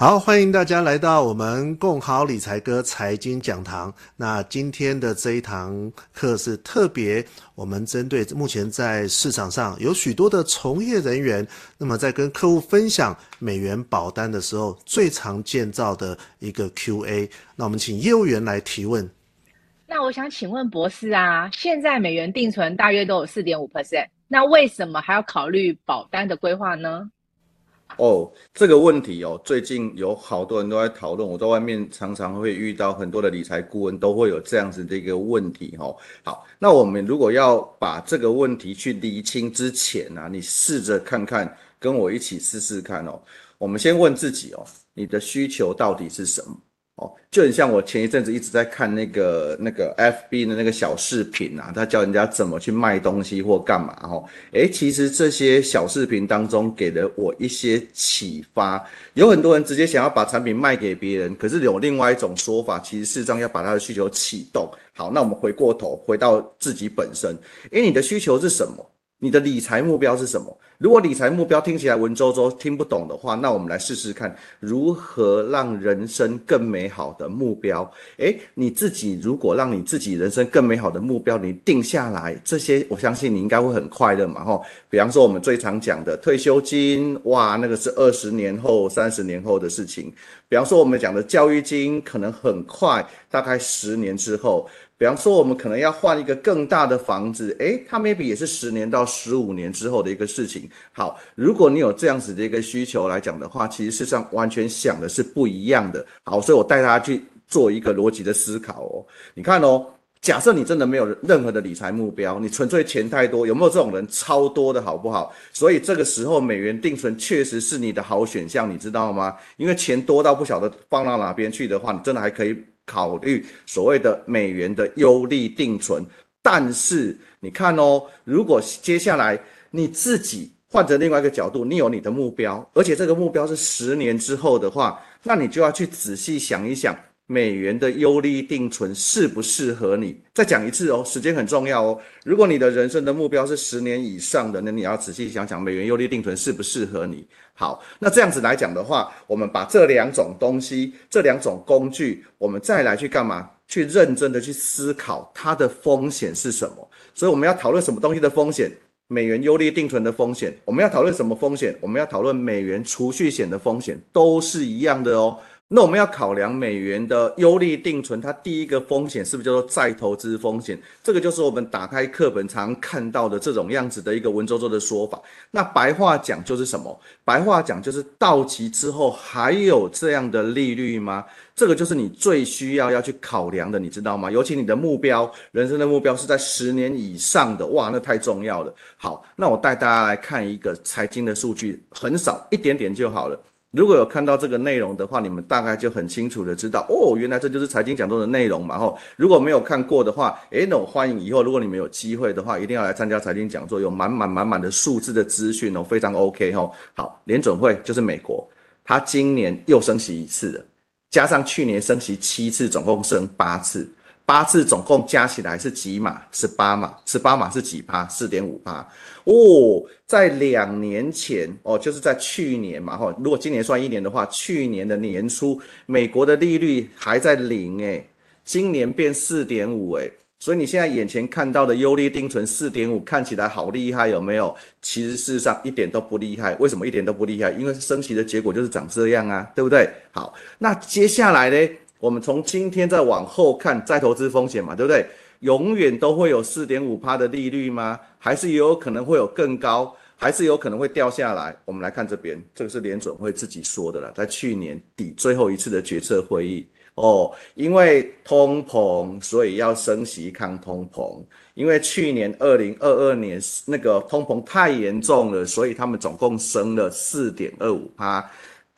好，歡迎大家來到我們共好理財鴿財經講堂。那今天的這一堂課是特別我們針對目前在市場上有許多的從業人員，那麼在跟客戶分享美元保單的時候，最常見到的一個 QA。那我們請業務員來提問。那我想請問博士啊，現在美元定存大約都有四點五 percent，那為什麼還要考慮保單的規劃呢？哦，這個問題哦，最近有好多人都在討論，我在外面常常會遇到很多的理財顧問都會有這樣子的一個問題哦。好，那我們如果要把這個問題去釐清之前呢，你試着看看，跟我一起試試看哦。我們先問自己哦，你的需求到底是什麼？哦，就很像我前一陣子一直在看那個那個 FB 的那個小視頻啊，他教人家怎麼去賣東西或幹嘛哦。誒，其實這些小視頻當中給了我一些啟發，有很多人直接想要把產品賣給別人，可是有另外一種說法，其實是要把他的需求啟動。好，那我們回過頭回到自己本身，誒，你的需求是什麼？你的理財目標是什麼？如果理財目標聽起來文縐縐、聽不懂的話，那我們來試試看如何讓人生更美好的目標。誒，你自己如果讓你自己人生更美好的目標，你定下來這些，我相信你應該會很快樂嘛，吼。比方說我們最常講的退休金，哇，那個是二十年後、三十年後的事情。比方說我們講的教育金，可能很快，大概十年之後。比方說，我們可能要換一個更大的房子，誒、欸，它 maybe 也是十年到十五年之後的一個事情。好，如果你有這樣子的一個需求來講的話，其實事實上完全想的是不一樣的。好，所以我帶大家去做一個邏輯的思考哦。你看哦，假設你真的沒有任何的理財目標，你純粹錢太多，有沒有這種人超多的好不好？所以這個時候美元定存確實是你的好選項，你知道嗎？因為錢多到不曉得放到哪邊去的話，你真的還可以考慮所謂的美元的優利定存，但是你看哦，如果接下來你自己換着另外一個角度，你有你的目標，而且這個目標是十年之後的話，那你就要去仔細想一想。美元的優利定存適不適合你？再講一次哦，時間很重要哦。如果你的人生的目標是十年以上的，那你要仔細想想美元優利定存適不適合你。好，那這樣子來講的話，我們把這兩種東西、這兩種工具，我們再來去幹嘛？去認真的去思考它的風險是什麼。所以我們要討論什麼東西的風險？美元優利定存的風險。我們要討論什麼風險？我們要討論美元儲蓄險的風險，都是一樣的哦。那我們要考量美元的優利定存，它第一個風險是不是叫做再投資風險？這個就是我們打開課本常常看到的這種樣子的一個文縐縐的說法。那白話講就是什麼？白話講就是到期之後還有這樣的利率嗎？這個就是你最需要要去考量的，你知道嗎？尤其你的目標，人生的目標是在十年以上的，哇，那太重要了。好，那我帶大家來看一個財經的數據，很少一點點就好了。如果有看到這個內容的話，你們大概就很清楚的知道哦，原來這就是財經講座的內容嘛吼。如果沒有看過的話，欸，那我歡迎以後如果你們有機會的話，一定要來參加財經講座，有滿滿滿滿的數字的資訊哦，非常 OK 吼、哦。好，聯準會就是美國，他今年又升息一次了，加上去年升息七次，總共升八次。八次總共加起來是幾碼？十八碼？十八碼是幾趴？四點五趴。哦，在兩年前哦，就是在去年嘛哈。如果今年算一年的話，去年的年初美國的利率還在零誒、欸，今年變四點五誒，所以你現在眼前看到的優利定存四點五看起來好厲害有沒有？其實事實上一點都不厲害，為什麼一點都不厲害？因為升息的結果就是長這樣啊，對不對？好，那接下來呢？我們從今天再往後看，再投資風險嘛，對不對？永遠都會有四點五趴的利率嗎？還是有可能會有更高？還是有可能會掉下來？我們來看這邊，這個是聯準會自己說的了，在去年底最後一次的決策會議哦，因為通膨，所以要升息抗通膨。因為去年二零二二年那個通膨太嚴重了，所以他們總共升了四點二五趴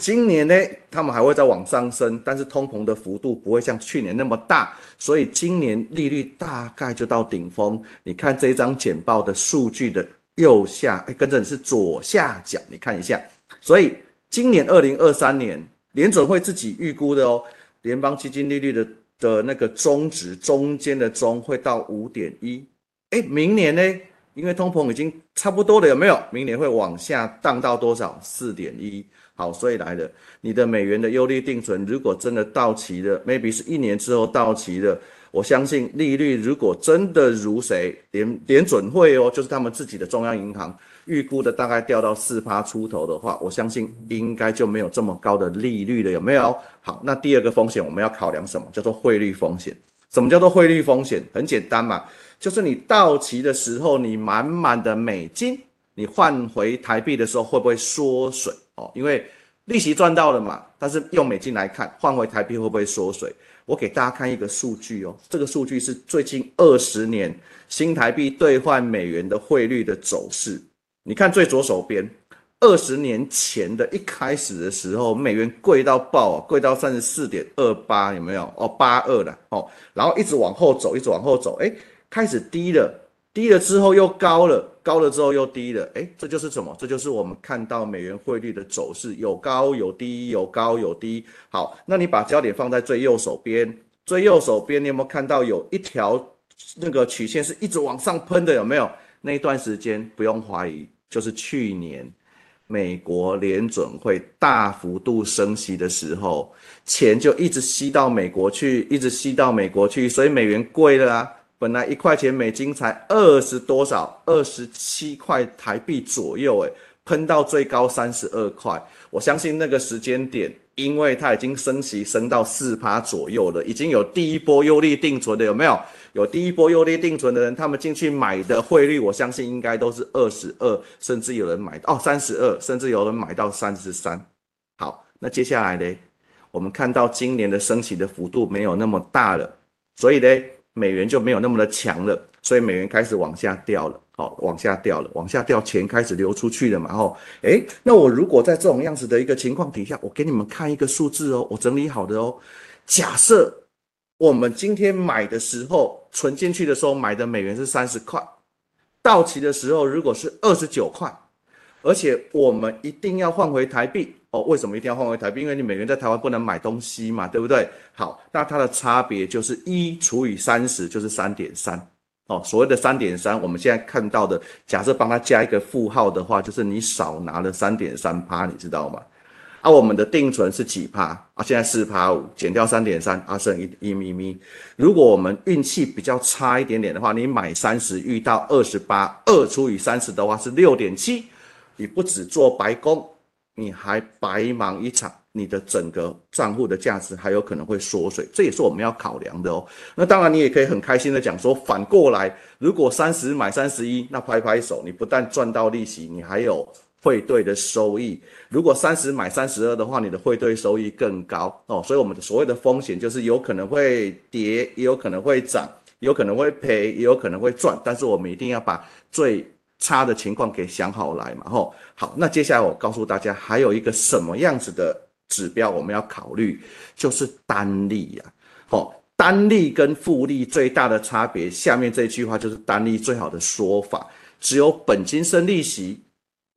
今年呢，他們還會再往上升，但是通膨的幅度不會像去年那麼大，所以今年利率大概就到頂峰。你看這一張簡報的數據的右下，誒、欸、跟着你是左下角，你看一下。所以今年二零二三年聯準會自己預估的哦，聯邦基金利率的的那個中值中間的中會到五點一。哎、欸，明年呢，因為通膨已經差不多了，有沒有？明年會往下盪到多少？四點一。好，所以來的你的美元的優利定存，如果真的到期了，maybe 是一年之後到期了，我相信利率如果真的如誰聯聯準會哦，就是他們自己的中央銀行預估的大概掉到四趴出頭的話，我相信應該就沒有這麼高的利率了，有沒有？好，那第二個風險我們要考量什麼？叫做匯率風險。什麼叫做匯率風險？很簡單嘛，就是你到期的時候，你滿滿的美金，你換回台幣的時候會不會縮水？因為利息賺到了嘛，但是用美金來看，換回台幣會不會縮水？我給大家看一個數據哦，這個數據是最近二十年新台幣兌換美元的匯率的走勢。你看最左手邊，二十年前的一開始的時候，美元貴到爆啊，貴到三十四點二八，有沒有？哦，八二啦哦，然後一直往後走，一直往後走，哎，開始低了。低了之後又高了，高了之後又低了，誒，這就是什麼？這就是我們看到美元匯率的走勢，有高有低，有高有低。好，那你把焦點放在最右手邊，最右手邊，你有沒有看到有一條那個曲線是一直往上噴的？有沒有？那一段時間不用懷疑，就是去年美國聯準會大幅度升息的時候，錢就一直吸到美國去，一直吸到美國去，所以美元貴了啊。本來一塊錢美金才二十多少，二十七塊台幣左右，誒，噴到最高三十二塊。我相信那個時間點，因為它已經升息升到四趴左右了，已經有第一波優利定存的，有沒有？有第一波優利定存的人，他們進去買的匯率，我相信應該都是二十二，甚至有人買到哦三十二，甚至有人買到三十三。好，那接下來呢，我們看到今年的升息的幅度沒有那麼大了，所以呢，美元就沒有那麼的強了，所以美元開始往下掉了，好，往下掉了，往下掉錢開始流出去了嘛，吼，誒，那我如果在這種樣子的一個情況底下，我給你們看一個數字哦，我整理好的哦，假設我們今天買的時候，存進去的時候，買的美元是三十塊，到期的時候如果是二十九塊，而且我們一定要換回台幣。哦，為什麼一定要換回台幣？因為你美元在台灣不能買東西嘛，對不對？好，那它的差別就是一除以三十就是三點三。哦，所謂的三點三，我們現在看到的，假設幫它加一個負號的話，就是你少拿了三點三趴，你知道嗎？啊，我們的定存是幾趴啊？現在四趴五，減掉三點三，啊，剩一一咪咪。如果我們運氣比較差一點點的話，你買三十遇到二十八，二除以三十的話是六點七，你不只做白工。你還白忙一場，你的整個賬戶的價值還有可能會縮水，這也是我們要考量的哦。那當然，你也可以很開心的講說，反過來，如果三十買三十一，那拍拍手，你不但賺到利息，你還有匯兌的收益。如果三十買三十二的話，你的匯兌收益更高哦。所以，我們所謂的風險就是有可能會跌，也有可能會漲，有可能會賠，也有可能會賺。但是，我們一定要把最差的情況給想好來嘛吼，好，那接下來我告訴大家還有一個什麼樣子的指標我們要考慮，就是單利呀，吼，單利跟複利最大的差別，下面這句話就是單利最好的說法，只有本金生利息。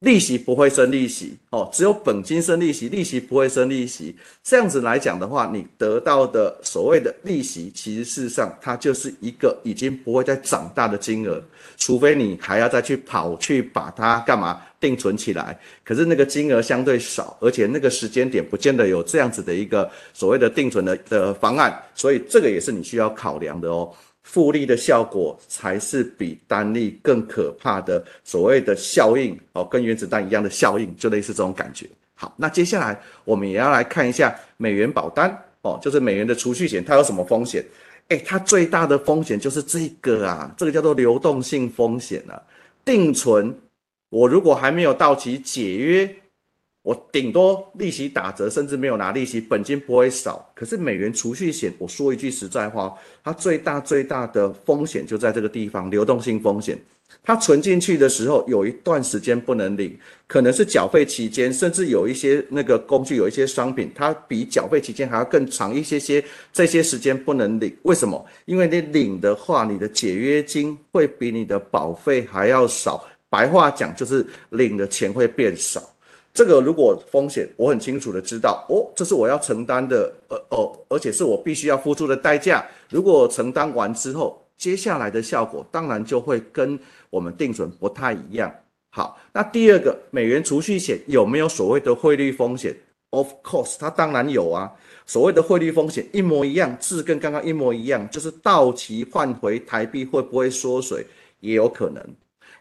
利息不會生利息哦，只有本金生利息，利息不會生利息。這樣子來講的話，你得到的所謂的利息，其實事實上它就是一個已經不會再長大的金額，除非你還要再去跑去把它幹嘛定存起來，可是那個金額相對少，而且那個時間點不見得有這樣子的一個所謂的定存的的方案，所以這個也是你需要考量的哦。複利的效果才是比單利更可怕的所謂的效應哦，跟原子彈一樣的效應，就類似這種感覺。好，那接下來我們也要來看一下美元保單哦，就是美元的儲蓄險，它有什麼風險？誒、欸、它最大的風險就是這個啊，這個叫做流動性風險啊，定存，我如果還沒有到期解約，我頂多利息打折，甚至沒有拿利息，本金不會少。可是美元儲蓄險，我說一句實在話，它最大最大的風險就在這個地方——流動性風險。它存進去的時候有一段時間不能領，可能是繳費期間，甚至有一些那個工具、有一些商品，它比繳費期間還要更長一些些。這些時間不能領，為什麼？因為你領的話，你的解約金會比你的保費還要少。白話講就是，領的錢會變少。這個如果風險，我很清楚的知道，哦，這是我要承擔的，呃，哦、呃，而且是我必須要付出的代價。如果承擔完之後，接下來的效果當然就會跟我們定存不太一樣。好，那第二個美元儲蓄險有沒有所謂的匯率風險？Of course，它當然有啊。所謂的匯率風險一模一樣，字跟剛剛一模一樣，就是到期換回台幣會不會縮水，也有可能，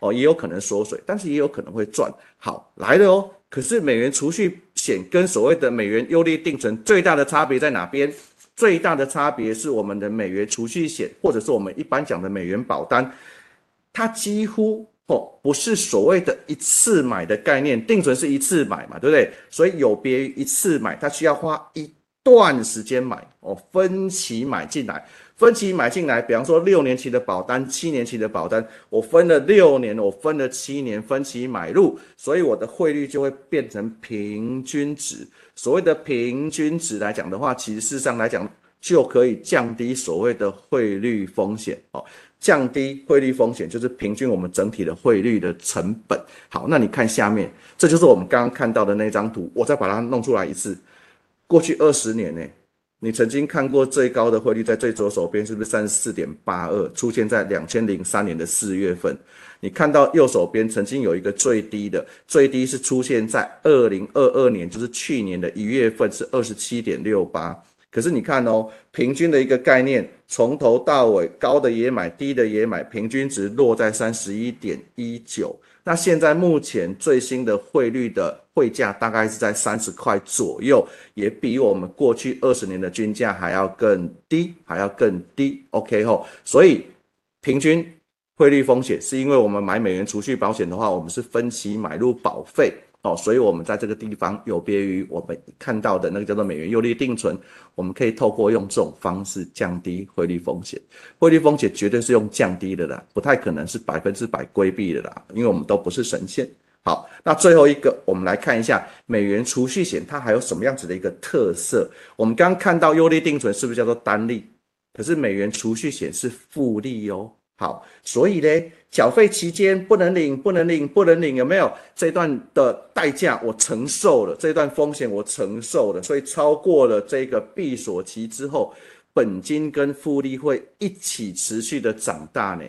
哦，也有可能縮水，但是也有可能會賺。好，來了哦。可是美元儲蓄險跟所謂的美元優利定存最大的差別在哪邊？最大的差別是我們的美元儲蓄險，或者是我們一般講的美元保單，它幾乎哦不是所謂的一次買的概念，定存是一次買嘛，對不對？所以有別於一次買，它需要花一段時間買哦，分期買進來。分期買進來，比方說六年期的保單、七年期的保單，我分了六年，我分了七年分期買入，所以我的匯率就會變成平均值。所謂的平均值來講的話，其實事實上來講就可以降低所謂的匯率風險哦，降低匯率風險就是平均我們整體的匯率的成本。好，那你看下面，這就是我們剛剛看到的那張圖，我再把它弄出來一次，過去二十年呢、欸。你曾經看過最高的匯率在最左手邊，是不是三十四點八二？出現在兩千零三年的四月份。你看到右手邊曾經有一個最低的，最低是出現在二零二二年，就是去年的一月份是二十七點六八。可是你看哦，平均的一個概念，從頭到尾高的也買，低的也買，平均值落在三十一點一九。那現在目前最新的匯率的匯價大概是在三十塊左右，也比我們過去二十年的均價還要更低，還要更低。OK 吼，所以平均匯率風險是因為我們買美元儲蓄保險的話，我們是分期買入保費。哦，所以我們在這個地方有別於我們看到的那個叫做美元優利定存，我們可以透過用這種方式降低匯率風險。匯率風險絕對是用降低的啦，不太可能是百分之百規避的啦，因為我們都不是神仙。好，那最後一個，我們來看一下美元儲蓄險它還有什麼樣子的一個特色。我們剛剛看到優利定存是不是叫做單利？可是美元儲蓄險是複利哦。好，所以呢，繳費期間不能領，不能領，不能領，有沒有，這段的代價我承受了，這段風險我承受了，所以超過了這個閉鎖期之後，本金跟複利會一起持續的長大呢，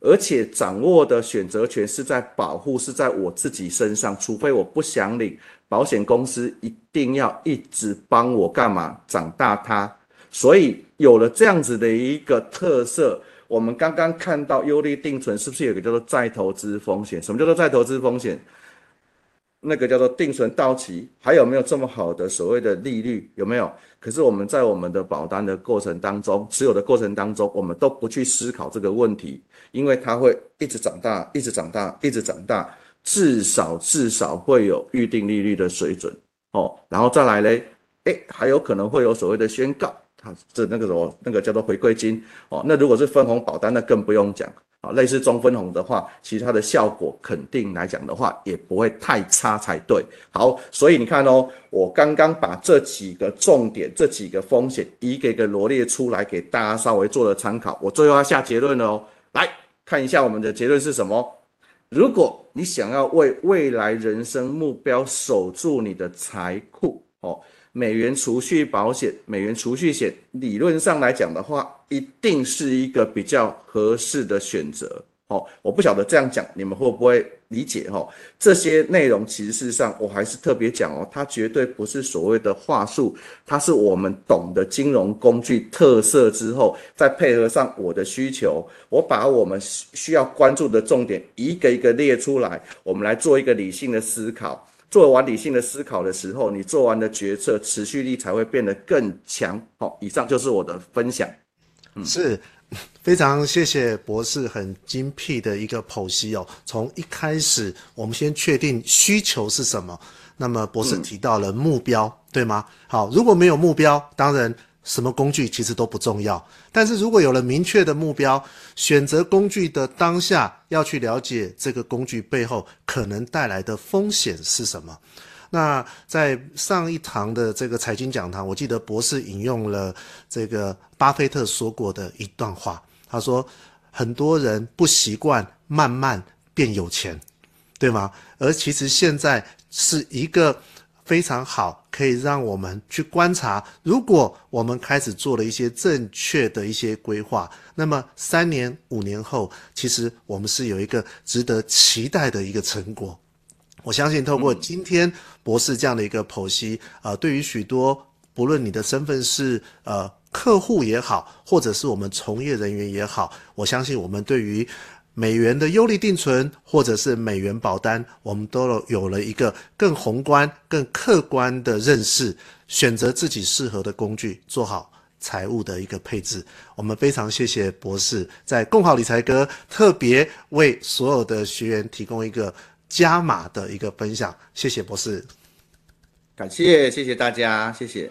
而且掌握的選擇權是在保護，是在我自己身上，除非我不想領，保險公司一定要一直幫我幹嘛？長大它，所以有了這樣子的一個特色。我們剛剛看到優利定存是不是有一個叫做再投資風險？什麼叫做再投資風險？那個叫做定存到期，還有沒有這麼好的所謂的利率？有沒有？可是我們在我們的保單的過程當中，持有的過程當中，我們都不去思考這個問題，因為它會一直長大，一直長大，一直長大，至少至少會有預定利率的水準哦。然後再來嘞，誒，還有可能會有所謂的宣告。是那個什麼，那個叫做回饋金哦。那如果是分紅保單，那更不用講好，哦，類似中分紅的話，其實它的效果肯定來講的話，也不會太差才對。好，所以你看哦，我剛剛把這幾個重點，這幾個風險，一個一個羅列出來，給大家稍微做了參考。我最後要下結論了哦，來看一下我們的結論是什麼？如果你想要為未來人生目標守住你的財庫，哦。美元儲蓄保險，美元儲蓄險，理論上來講的話，一定是一個比較合適的選擇。好、哦，我不曉得這樣講你們會不會理解？哈，這些內容其實事實上我還是特別講哦，它絕對不是所謂的話術，它是我們懂得金融工具特色之後，再配合上我的需求，我把我們需要關注的重點一個一個列出來，我們來做一個理性的思考。做完理性的思考的時候，你做完的決策持續力才會變得更強。好，哦，以上就是我的分享。嗯，是非常謝謝博士很精闢的一個剖析哦。從一開始，我們先確定需求是什麼。那麼博士提到了目標，嗯，對嗎？好，如果沒有目標，當然。什麼工具其實都不重要，但是如果有了明確的目標，選擇工具的當下要去了解這個工具背後可能帶來的風險是什麼。那在上一堂的這個財經講堂，我記得博士引用了這個巴菲特說過的一段話，他說，很多人不習慣慢慢變有錢，對嗎？而其實現在是一個。非常好，可以讓我們去觀察。如果我們開始做了一些正確的一些規劃，那麼三年、五年後，其實我們是有一個值得期待的一個成果。我相信透過今天博士這樣的一個剖析，呃，對於許多，不論你的身份是，呃，客戶也好，或者是我們從業人員也好，我相信我們對於美元的優利定存或者是美元保單，我們都有了一個更宏觀、更客觀的認識，選擇自己適合的工具，做好財務的一個配置。我們非常謝謝博士在共好理財鴿特別為所有的學員提供一個加碼的一個分享，謝謝博士，感謝謝謝大家，謝謝。